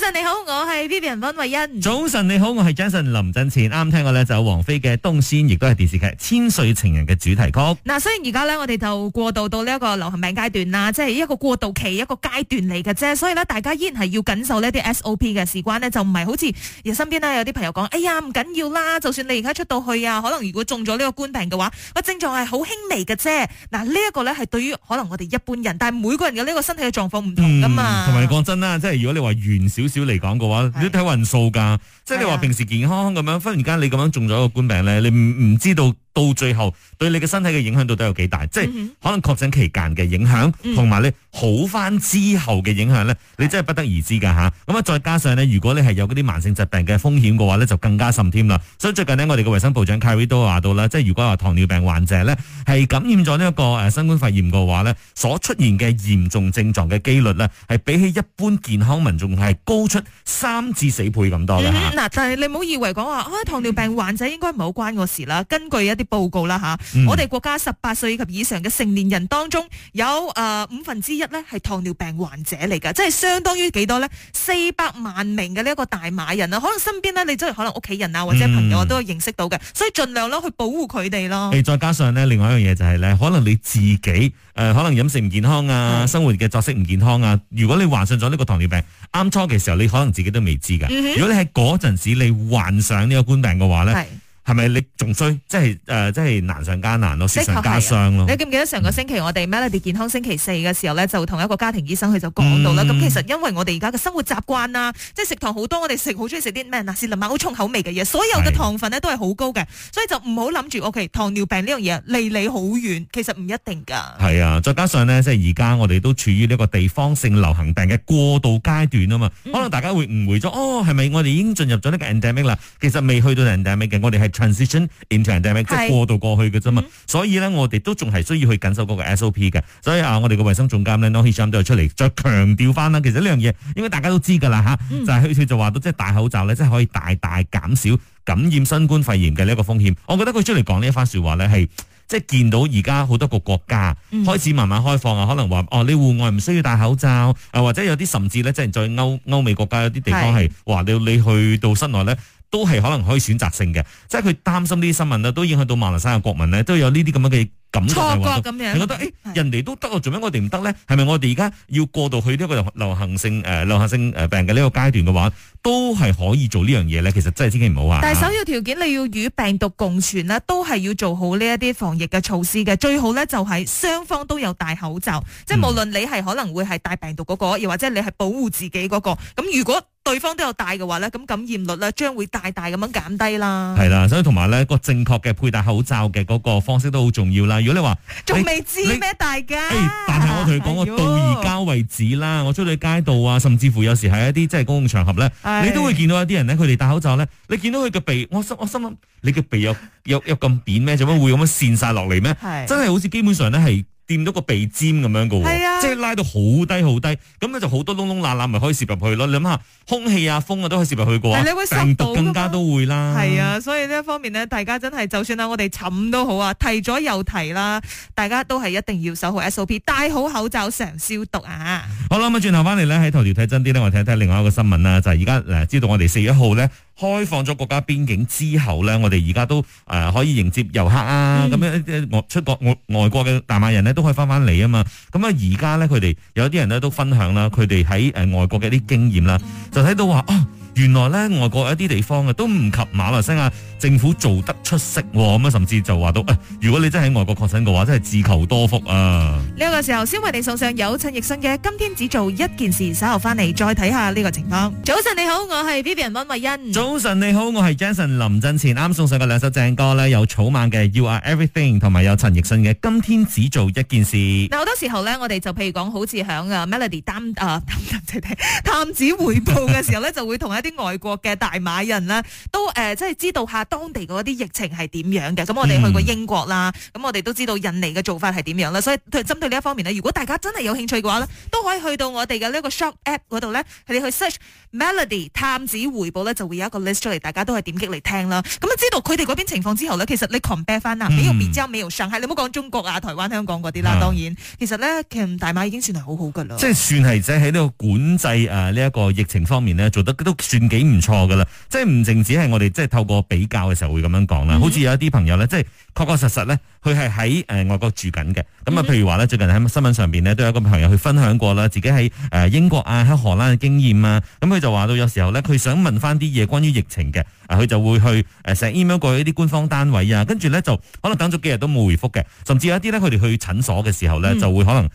早晨你好，我係 Vivian 溫慧欣。早晨你好，我係 Jason 林振前。啱啱聽過咧就有王菲嘅《冬蟬》，亦都係電視劇《千歲情人》嘅主題曲。嗱、啊，雖然而家咧我哋就過渡到呢一個流行病階段啦，即、就、係、是、一個過渡期，一個階段嚟嘅啫。所以呢，大家依然係要謹守呢啲 SOP 嘅。事關呢，就唔係好似人身邊呢，有啲朋友講，哎呀唔緊要啦，就算你而家出到去啊，可能如果中咗呢個冠病嘅話，我症狀係好輕微嘅啫。嗱、啊，呢、這、一個呢，係對於可能我哋一般人，但係每個人嘅呢個身體嘅狀況唔同噶嘛。同埋講真啦，即係如果你話元少。少嚟講嘅話，你都睇運數噶，即係你話平時健康咁樣，的忽然間你咁樣中咗個冠病咧，你唔唔知道？到最後對你嘅身體嘅影響到底有幾大？即係可能確診期間嘅影響，同埋、mm hmm. 你好翻之後嘅影響咧，mm hmm. 你真係不得而知噶吓。咁的啊，再加上咧，如果你係有嗰啲慢性疾病嘅風險嘅話咧，就更加甚添啦。所以最近呢，我哋嘅衛生部長 Khairy 都話到啦，即係如果話糖尿病患者咧係感染咗呢一個誒新冠肺炎嘅話咧，所出現嘅嚴重症狀嘅幾率咧係比起一般健康民眾係高出三至四倍咁多啦。嗱、嗯，但係你唔好以為講話，嗯、糖尿病患者應該唔好關我事啦。根據一啲報告啦吓，我哋國家十八歲及以上嘅成年人當中有誒五分之一咧，係糖尿病患者嚟噶，即係相當於幾多咧？四百萬名嘅呢一個大馬人啊，可能身邊咧你真係可能屋企人啊或者朋友啊都有認識到嘅，嗯、所以儘量咯去保護佢哋咯。你再加上咧，另外一樣嘢就係、是、咧，可能你自己誒、呃、可能飲食唔健康啊，生活嘅作息唔健康啊，如果你患上咗呢個糖尿病，啱初嘅時候你可能自己都未知噶。嗯、哼如果你喺嗰陣時你患上呢個冠病嘅話咧。係咪你仲衰？即係誒、呃，即係難上加難咯，食上加傷咯。你，上你記唔記得上個星期我哋 Melody、嗯、健康星期四嘅時候咧，就同一個家庭醫生佢就講到啦。咁、嗯、其實因為我哋而家嘅生活習慣啦，嗯、即係食糖好多，我哋食好鍾意食啲咩嗱？士林媽好重口味嘅嘢，所有嘅糖分咧都係好高嘅，是所以就唔好諗住。O、okay, K，糖尿病呢樣嘢離你好遠，其實唔一定㗎。係啊，再加上咧，即係而家我哋都處於呢一個地方性流行病嘅過渡階段啊嘛。嗯、可能大家會誤會咗，哦，係咪我哋已經進入咗呢個 endemic 啦？其實未去到 endemic 嘅，我哋係。transition into endemic 即係過渡過去嘅啫嘛，所以咧我哋都仲係需要去緊守嗰個 SOP 嘅，所以啊我哋嘅衛生總監咧，諾希山總監又出嚟再強調翻啦，其實呢樣嘢，應該大家都知噶啦吓，就係佢就話到即係戴口罩咧，即係可以大大減少感染新冠肺炎嘅呢一個風險。我覺得佢出嚟講呢一番說話咧，係即係見到而家好多個國家開始慢慢開放啊，可能話哦，你戶外唔需要戴口罩，啊或者有啲甚至咧即係再歐歐美國家有啲地方係話你你去到室內咧。都係可能可以選擇性嘅，即係佢擔心呢啲新聞咧，都影響到馬來西亞嘅國民咧，都有呢啲咁樣嘅。錯覺咁樣，你覺得誒，欸、是人哋都得啊，做咩我哋唔得咧？係咪我哋而家要過到去呢個流行性誒、呃、流行性誒病嘅呢個階段嘅話，都係可以做呢樣嘢咧？其實真係千祈唔好啊！但係首要條件你要與病毒共存啦，都係要做好呢一啲防疫嘅措施嘅。最好咧就係、是、雙方都有戴口罩，嗯、即係無論你係可能會係帶病毒嗰、那個，又或者你係保護自己嗰、那個。咁如果對方都有戴嘅話咧，咁感染率咧將會大大咁樣減低啦。係啦，所以同埋咧個正確嘅佩戴口罩嘅嗰個方式都好重要啦。如果你話仲未知咩，大家？哎哎、但係我同佢講我到而家為止啦，我出去街道啊，甚至乎有時係一啲即係公共場合咧，是的 你都會見到一啲人咧，佢哋戴口罩咧，你見到佢嘅鼻，我心我心諗，你嘅鼻有有有咁扁咩？做乜會咁樣線晒落嚟咩？真係好似基本上咧係。掂到個鼻尖咁樣噶，即係拉到好低好低，咁咧就好多窿窿罅罅，咪可以攝入去咯。你諗下，空氣啊、風啊，都可以攝入去噶，病毒更加都會啦。係啊，所以呢一方面咧，大家真係就算啊，我哋沉都好啊，提咗又提啦，大家都係一定要守好 SOP，戴好口罩，成日消毒啊。好啦，咁啊，轉頭翻嚟咧，喺頭條睇真啲咧，我睇睇另外一個新聞啦，就係而家誒，知道我哋四月一號咧開放咗國家邊境之後咧，我哋而家都誒可以迎接遊客啊，咁樣即係我出國外外國嘅大馬人咧。都可以翻翻嚟啊嘛，咁啊而家咧，佢哋有啲人咧都分享啦，佢哋喺誒外國嘅一啲經驗啦，就睇到話啊。原來咧，外國一啲地方啊，都唔及馬來西亞政府做得出色喎。咁啊，甚至就話到、哎、如果你真係喺外國確診嘅話，真係自求多福啊！呢個時候先為你送上有陳奕迅嘅《今天只做一件事》，稍後翻嚟再睇下呢個情況。早晨你好，我係 Vivian 溫慧欣。早晨你好，我係 Jason 林振前。啱送上嘅兩首正歌呢，有草蜢嘅《You Are Everything》同埋有陳奕迅嘅《今天只做一件事》。嗱好多時候呢，我哋就譬如講，好似喺啊 Melody 擔啊，等等再睇探子回報嘅時候呢，就會同一啲 外國嘅大馬人咧，都誒即係知道下當地嗰啲疫情係點樣嘅。咁我哋去過英國啦，咁、嗯、我哋都知道印尼嘅做法係點樣啦。所以針對呢一方面咧，如果大家真係有興趣嘅話咧，都可以去到我哋嘅呢個 Shop App 嗰度呢，佢哋去 Search Melody 探子回報呢，就會有一個 list 出嚟，大家都係點擊嚟聽啦。咁啊，知道佢哋嗰邊情況之後呢，其實你 compare 翻美，比如新加坡、上海、嗯，你唔好講中國啊、台灣、香港嗰啲啦。嗯、當然，其實呢，其實大馬已經算係好好噶啦。即係算係即係喺呢個管制誒呢一個疫情方面呢，做得都算。幾唔錯噶啦，即係唔淨止係我哋即係透過比較嘅時候會咁樣講啦，好似有一啲朋友咧，即係。確確實實咧，佢係喺誒外國住緊嘅。咁啊，譬如話咧，最近喺新聞上邊咧，都有一個朋友去分享過啦，自己喺誒英國啊、喺荷蘭嘅經驗啊。咁佢就話到，有時候咧，佢想問翻啲嘢關於疫情嘅，佢就會去誒 email 過去一啲官方單位啊，跟住咧就可能等咗幾日都冇回覆嘅。甚至有一啲咧，佢哋去診所嘅時候咧，就會可能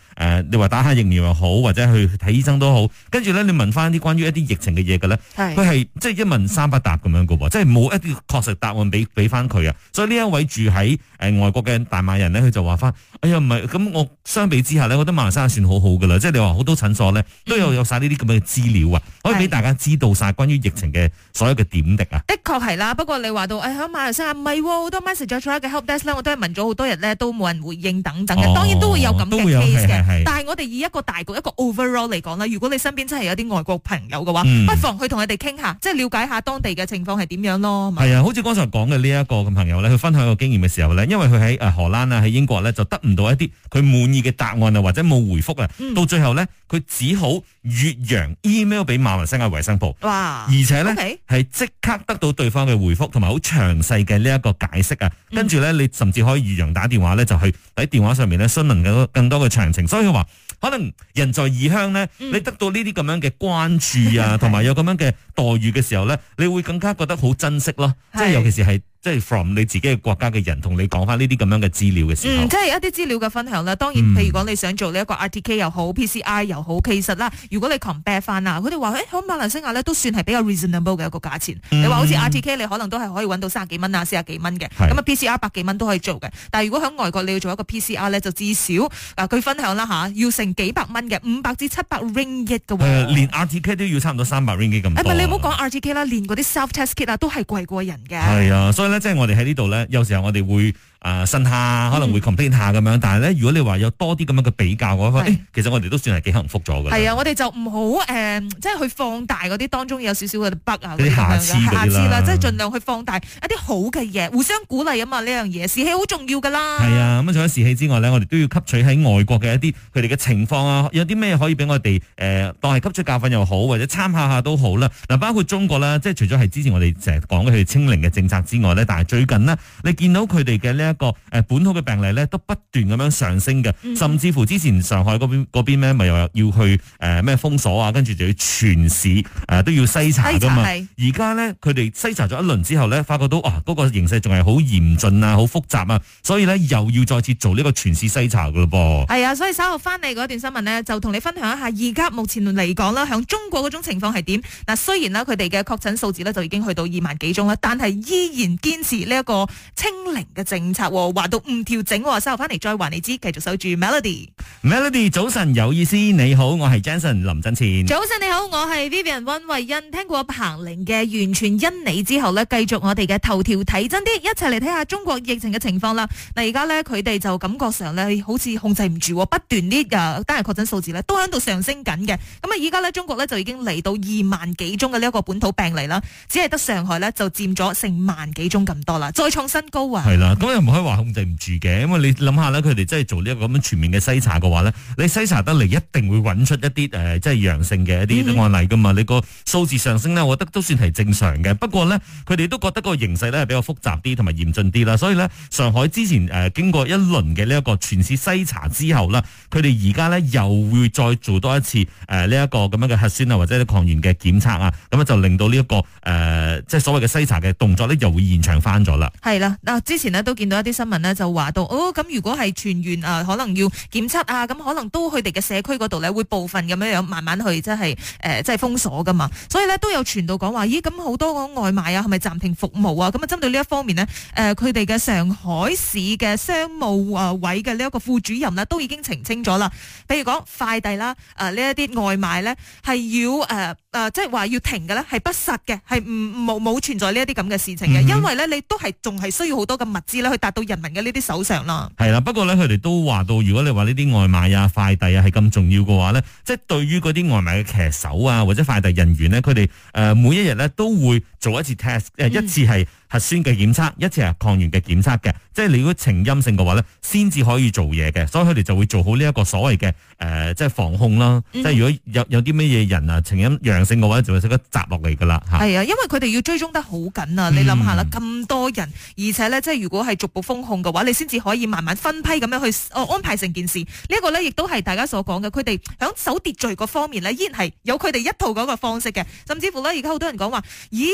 誒，你話打下疫苗又好，或者去睇醫生都好，跟住咧你問翻啲關於一啲疫情嘅嘢嘅咧，佢係即係一問三不答咁樣嘅，即係冇一啲確實答案俾俾翻佢啊。所以呢一位住喺喺誒外國嘅大馬人咧，佢就話翻，哎呀，唔係咁，我相比之下呢我覺得馬來西亞算好好噶啦。即係你話好多診所咧，都有有曬呢啲咁嘅資料啊，嗯、可以俾大家知道晒關於疫情嘅所有嘅點滴啊。是的確係啦，不過你話到誒喺、哎、馬來西亞唔係好多 message 咗嘅，Help Desk 我都係問咗好多日咧，都冇人回應等等嘅。哦、當然會這樣的的都會有咁嘅 case 嘅，是是但係我哋以一個大局一個 overall 嚟講啦，如果你身邊真係有啲外國朋友嘅話，嗯、不妨去同佢哋傾下，即、就、係、是、了解下當地嘅情況係點樣咯。係啊，好似剛才講嘅呢一個咁朋友咧，佢分享個經驗。時候咧，因為，佢喺誒荷蘭啊，喺英國咧就得唔到一啲佢滿意嘅答案啊，或者冇回覆啊，嗯、到最後咧佢只好。越洋 email 俾馬來西亞衛生部，哇！而且咧係即刻得到對方嘅回覆，同埋好詳細嘅呢一個解釋啊。嗯、跟住咧，你甚至可以越洋打電話咧，就去、是、喺電話上面咧詢問更多嘅詳情。所以話可能人在異鄉咧，嗯、你得到呢啲咁樣嘅關注啊，同埋、嗯、有咁樣嘅待遇嘅時候咧，是你會更加覺得好珍惜咯。即係是尤其是係即係 from 你自己嘅國家嘅人同你講翻呢啲咁樣嘅資料嘅時候，即係、嗯就是、一啲資料嘅分享啦。當然，嗯、譬如講你想做呢一個 RTK 又好 PCI 又好，其實啦。如果你 compare 翻啊，佢哋話誒，響、欸、馬來西亞咧都算係比較 reasonable 嘅一個價錢。嗯、你話好似 RTK 你可能都係可以揾到三十幾蚊啊，四十幾蚊嘅。咁啊 PCR 百幾蚊都可以做嘅。但係如果響外國你要做一個 PCR 咧，就至少嗱，佢、啊、分享啦吓、啊，要成幾百蚊嘅，五百至七百 ringgit 嘅、啊。誒、啊，連 RTK 都要差唔多三百 ringgit 咁多。唔係你唔好講 RTK 啦，連嗰啲 self test kit 啊都係貴過人嘅。係啊，所以呢，即係我哋喺呢度咧，有時候我哋會。啊，呻、呃、下可能會 complain 下咁樣，嗯、但係咧，如果你話有多啲咁樣嘅比較嘅話是、欸，其實我哋都算係幾幸福咗嘅。係啊，我哋就唔好誒，即係去放大嗰啲當中有少少嘅北啊，下次，下次啦，即係盡量去放大一啲好嘅嘢，互相鼓勵啊嘛，呢樣嘢，士氣好重要㗎啦。係啊，咁除咗士氣之外呢，我哋都要吸取喺外國嘅一啲佢哋嘅情況啊，有啲咩可以俾我哋誒、呃、當係吸取教訓又好，或者參考下都好啦。嗱，包括中國啦，即係除咗係之前我哋成日講佢哋清零嘅政策之外呢，但係最近呢，你見到佢哋嘅呢個誒本土嘅病例咧都不斷咁樣上升嘅，甚至乎之前上海嗰邊嗰邊呢咪又要去誒咩封鎖啊，跟住就要全市誒都要篩查噶嘛。而家呢，佢哋篩查咗一輪之後呢，發覺到啊嗰個形勢仲係好嚴峻啊，好複雜啊，所以呢又要再次做呢個全市篩查噶咯噃。係啊，所以稍後翻嚟嗰段新聞呢，就同你分享一下而家目前嚟講啦，響中國嗰種情況係點。嗱，雖然呢，佢哋嘅確診數字呢，就已經去到二萬幾宗啦，但係依然堅持呢一個清零嘅政策。話到唔調整，稍後翻嚟，再話你知。繼續守住 Melody，Melody Mel 早晨，有意思，你好，我係 Jason 林振前。早晨你好，我係 Vivian 溫慧欣。聽過彭羚嘅《完全因你》之後呢，繼續我哋嘅頭條睇真啲，一齊嚟睇下中國疫情嘅情況啦。嗱，而家呢，佢哋就感覺上呢，好似控制唔住，不斷啲誒，單日確診數字呢都喺度上升緊嘅。咁啊，而家呢，中國呢，就已經嚟到二萬幾宗嘅呢一個本土病例啦，只係得上海呢，就佔咗成萬幾宗咁多啦，再創新高啊！係啦，可以話控制唔住嘅，因為你諗下咧，佢哋真係做呢一個咁樣全面嘅篩查嘅話咧，你篩查得嚟，一定會揾出一啲誒，即係陽性嘅一啲案例噶嘛。嗯、哼你個數字上升咧，我覺得都算係正常嘅。不過呢，佢哋都覺得個形勢咧係比較複雜啲，同埋嚴峻啲啦。所以呢，上海之前誒經過一輪嘅呢一個全市篩查之後呢，佢哋而家呢又會再做多一次誒呢一個咁樣嘅核酸啊或者抗原嘅檢測啊，咁樣就令到呢、這、一個誒、呃、即係所謂嘅篩查嘅動作呢，又會延長翻咗啦。係啦，啊之前咧都見到。有一啲新聞咧就話到，哦咁如果係全員啊，可能要檢測啊，咁可能都佢哋嘅社區嗰度咧，會部分咁樣樣慢慢去，即係誒，即係封鎖噶嘛。所以咧都有傳到講話，咦咁好多個外賣啊，係咪暫停服務啊？咁啊針對呢一方面呢，誒佢哋嘅上海市嘅商務啊委嘅呢一個副主任呢、啊，都已經澄清咗啦。譬如講快遞啦，誒呢一啲外賣咧係要誒。呃啊、呃，即係話要停嘅咧，係不實嘅，係唔冇冇存在呢一啲咁嘅事情嘅，嗯、哼因為咧你都係仲係需要好多嘅物資咧，去達到人民嘅呢啲手上啦。係啦，不過咧佢哋都話到，如果你話呢啲外賣啊、快遞啊係咁重要嘅話咧，即、就、係、是、對於嗰啲外賣嘅騎手啊，或者快遞人員咧，佢哋誒每一日咧都會做一次 test，誒、嗯、一次係核酸嘅檢測，一次係抗原嘅檢測嘅，即係你如果呈陰性嘅話咧，先至可以做嘢嘅，所以佢哋就會做好呢一個所謂嘅誒，即係防控啦。嗯、即係如果有有啲乜嘢人啊呈陰陽性嘅話，就會識得摘落嚟噶啦吓。係啊，因為佢哋要追蹤得好緊啊！你諗下啦，咁、嗯、多人，而且咧，即係如果係逐步封控嘅話，你先至可以慢慢分批咁樣去安排成件事。這個、呢一個咧，亦都係大家所講嘅，佢哋響守秩序個方面咧，依然係有佢哋一套嗰個方式嘅。甚至乎咧，而家好多人講話，咦誒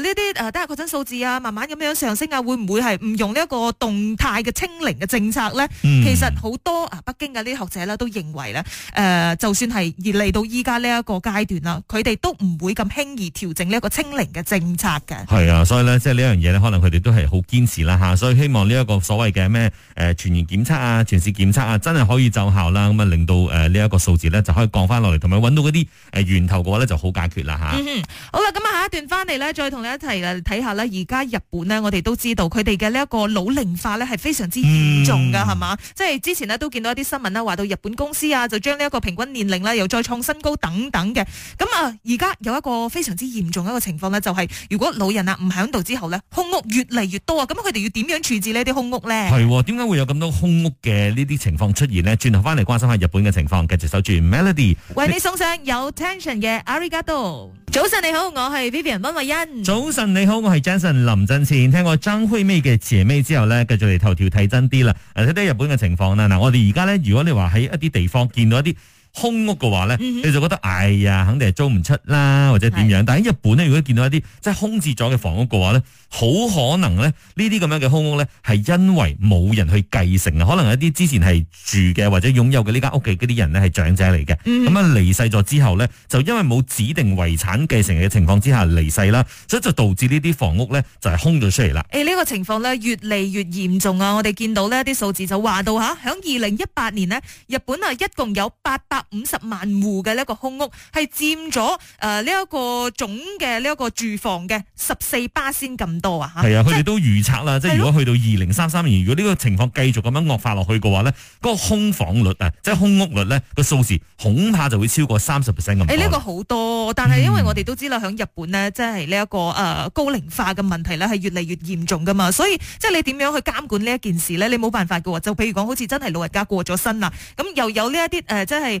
呢啲誒，等下確診數字啊。慢慢咁樣上升啊，會唔會係唔用呢一個動態嘅清零嘅政策咧？嗯、其實好多啊，北京嘅啲學者咧都認為咧，誒、呃，就算係而嚟到依家呢一個階段啦，佢哋都唔會咁輕易調整呢一個清零嘅政策嘅。係啊，所以咧，即係呢樣嘢，可能佢哋都係好堅持啦吓，所以希望呢一個所謂嘅咩誒全員檢測啊、全市檢測啊，真係可以奏效啦，咁啊令到誒呢一個數字咧就可以降翻落嚟，同埋搵到嗰啲誒源頭嘅話咧就好解決啦吓、嗯。好啦，咁啊下一段翻嚟咧，再同你一齊睇下咧而家而家日本呢，我哋都知道佢哋嘅呢一個老齡化呢，係非常之嚴重噶，係嘛、嗯？即係之前呢都見到一啲新聞啦，話到日本公司啊，就將呢一個平均年齡啦又再創新高等等嘅。咁啊，而家有一個非常之嚴重一個情況呢，就係、是、如果老人啊唔喺度之後呢，空屋越嚟越多啊！咁佢哋要點樣處置呢啲空屋呢？係喎，點解會有咁多空屋嘅呢啲情況出現呢？轉頭翻嚟，關心下日本嘅情況，繼續守住 Melody 為你送上有 tension 嘅 Arigato。早晨你好，我係 Vivian 溫慧欣。早晨你好，我係 Jason。林振憲，聽過張惠妹嘅姐妹之後咧，繼續嚟頭條睇真啲啦。睇睇日本嘅情況啦。嗱，我哋而家咧，如果你話喺一啲地方見到一啲。空屋嘅話呢，嗯、哼你就覺得哎呀，肯定係租唔出啦，或者點樣？是但喺日本呢，如果見到一啲即係空置咗嘅房屋嘅話呢，好可能呢，呢啲咁樣嘅空屋呢，係因為冇人去繼承啊。可能一啲之前係住嘅或者擁有嘅呢間屋嘅嗰啲人呢，係長者嚟嘅，咁啊、嗯、哼離世咗之後呢，就因為冇指定遺產繼承嘅情況之下離世啦，所以就導致呢啲房屋呢，就係空咗出嚟啦。誒，呢個情況呢，越嚟越嚴重啊！我哋見到呢啲數字就話到吓，響二零一八年呢，日本啊一共有八百。五十萬戶嘅呢一個空屋係佔咗誒呢一個總嘅呢一個住房嘅十四巴仙咁多啊吓，係啊，佢哋都預測啦，就是、即係如果去到二零三三年，是的 如果呢個情況繼續咁樣惡化落去嘅話咧，嗰、那個空房率啊，即係空屋率咧個數字恐怕就會超過三十 percent 咁。誒，呢個好多，但係因為我哋都知啦，響日本咧，嗯、即係呢一個誒高齡化嘅問題咧係越嚟越嚴重噶嘛，所以即係你點樣去監管呢一件事咧，你冇辦法噶。就譬如講，好似真係老人家過咗身啦，咁又有呢一啲誒，即係。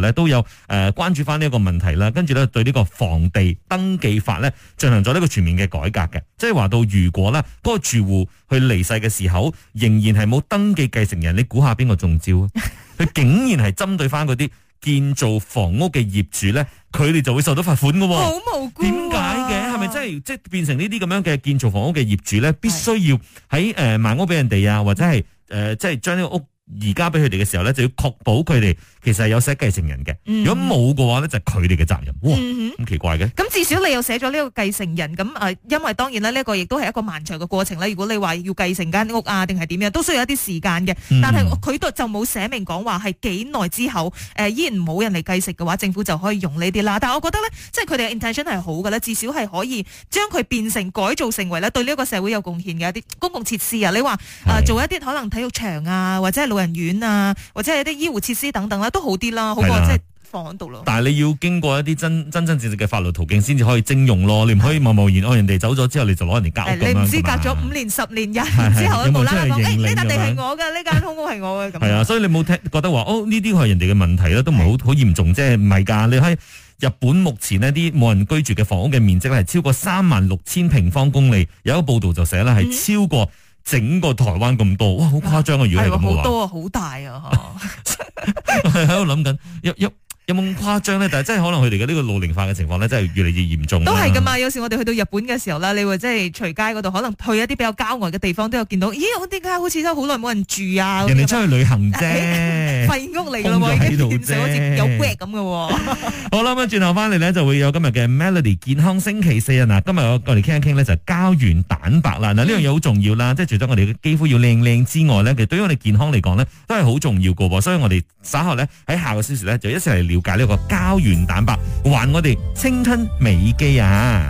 咧都有誒關注翻呢一個問題啦，跟住咧對呢個房地登記法咧進行咗呢個全面嘅改革嘅，即係話到如果咧嗰個住戶佢離世嘅時候，仍然係冇登記繼承人，你估下邊個中招啊？佢 竟然係針對翻嗰啲建造房屋嘅業主咧，佢哋就會受到罰款嘅，好無辜啊。點解嘅？係咪真係即係變成呢啲咁樣嘅建造房屋嘅業主咧，必須要喺誒賣屋俾人哋啊，或者係誒即係將呢個屋？而家俾佢哋嘅時候咧，就要確保佢哋其實有寫繼承人嘅。如果冇嘅話呢，就係佢哋嘅責任。咁、嗯、哼奇怪嘅。咁至少你又寫咗呢個繼承人。咁誒，因為當然啦，呢個亦都係一個漫長嘅過程啦。如果你話要繼承間屋啊，定係點樣，都需要一啲時間嘅。嗯、但係佢都就冇寫明講話係幾耐之後，依然冇人嚟繼承嘅話，政府就可以用呢啲啦。但係我覺得呢，即係佢哋嘅 intention 係好嘅咧，至少係可以將佢變成改造成為咧對呢個社會有貢獻嘅一啲公共設施啊。你話做一啲可能體育場啊，或者係醫院啊，或者係啲醫護設施等等啦、啊，都好啲啦，好過即係放喺度咯。但係你要經過一啲真，真真真正正嘅法律途徑，先至可以徵用咯。你唔可以貿貿然，人哋走咗之後，你就攞人哋隔。你唔知隔咗五年、十年，然之後無啦啦講，誒的，呢笪、哎、地係我嘅，呢間空屋係我嘅。係啊，所以你冇聽，覺得話，哦，呢啲係人哋嘅問題啦，都唔係好好嚴重，即係唔係噶？你喺日本目前呢啲冇人居住嘅房屋嘅面積咧，係超過三萬六千平方公里。有一個報道就寫咧，係、嗯、超過。整個台灣咁多，哇！好誇張啊，如果係咁嘅話，係好多啊，好大啊，嚇、啊！係喺度諗緊，一一。有冇咁誇張咧？但係真係可能佢哋嘅呢個老齡化嘅情況咧，真係越嚟越嚴重。都係噶嘛？有時我哋去到日本嘅時候啦，你會即係隨街嗰度，可能去一啲比較郊外嘅地方都有見到。咦，我點解好似都好耐冇人住啊？人哋出去旅行啫，廢、哎、屋嚟咯，已經變成好似有鬼咁嘅。 好啦，咁啊，轉頭翻嚟咧，就會有今日嘅 Melody 健康星期四啊！嗱，今日我哋傾一傾咧就膠原蛋白啦。嗱、嗯，呢樣嘢好重要啦，即係除咗我哋嘅肌膚要靚靚之外咧，其實對於我哋健康嚟講咧都係好重要噶噃。所以我哋稍後咧喺下個小時咧就一齊嚟了解呢個膠原蛋白，還我哋青春美肌啊！